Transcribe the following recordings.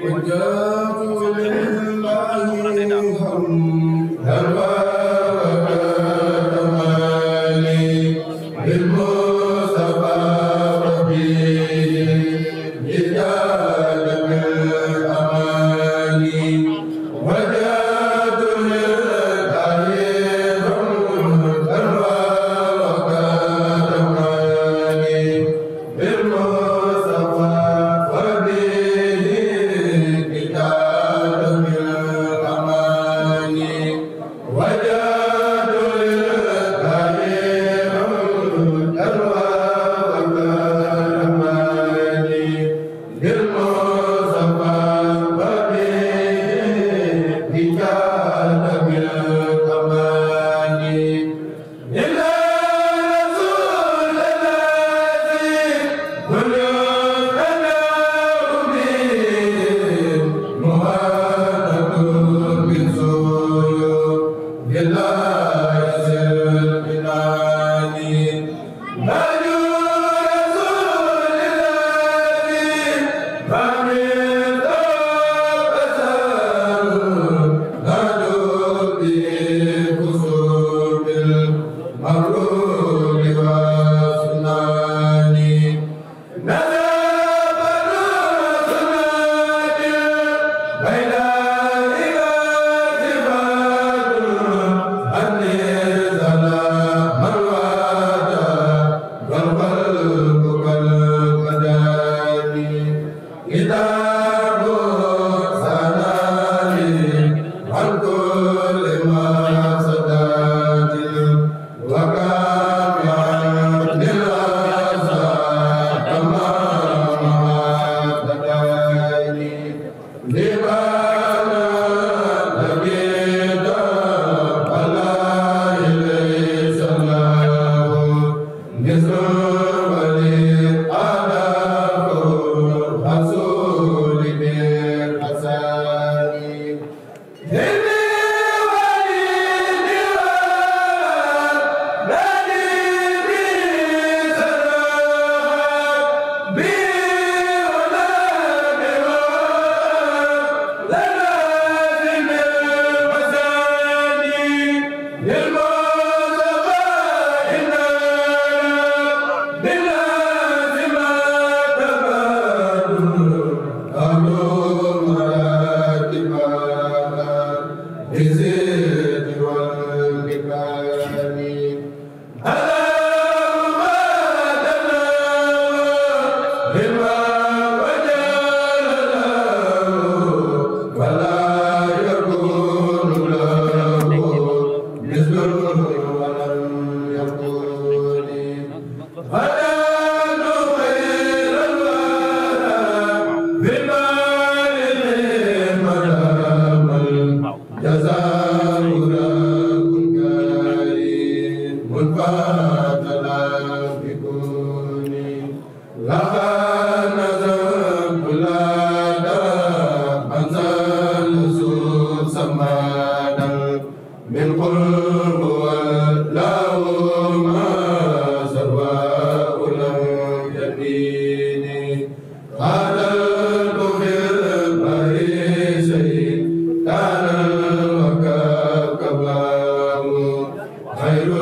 وجاءوا liba Ayo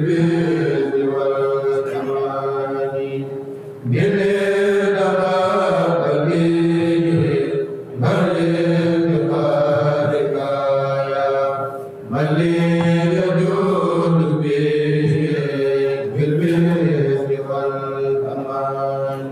baby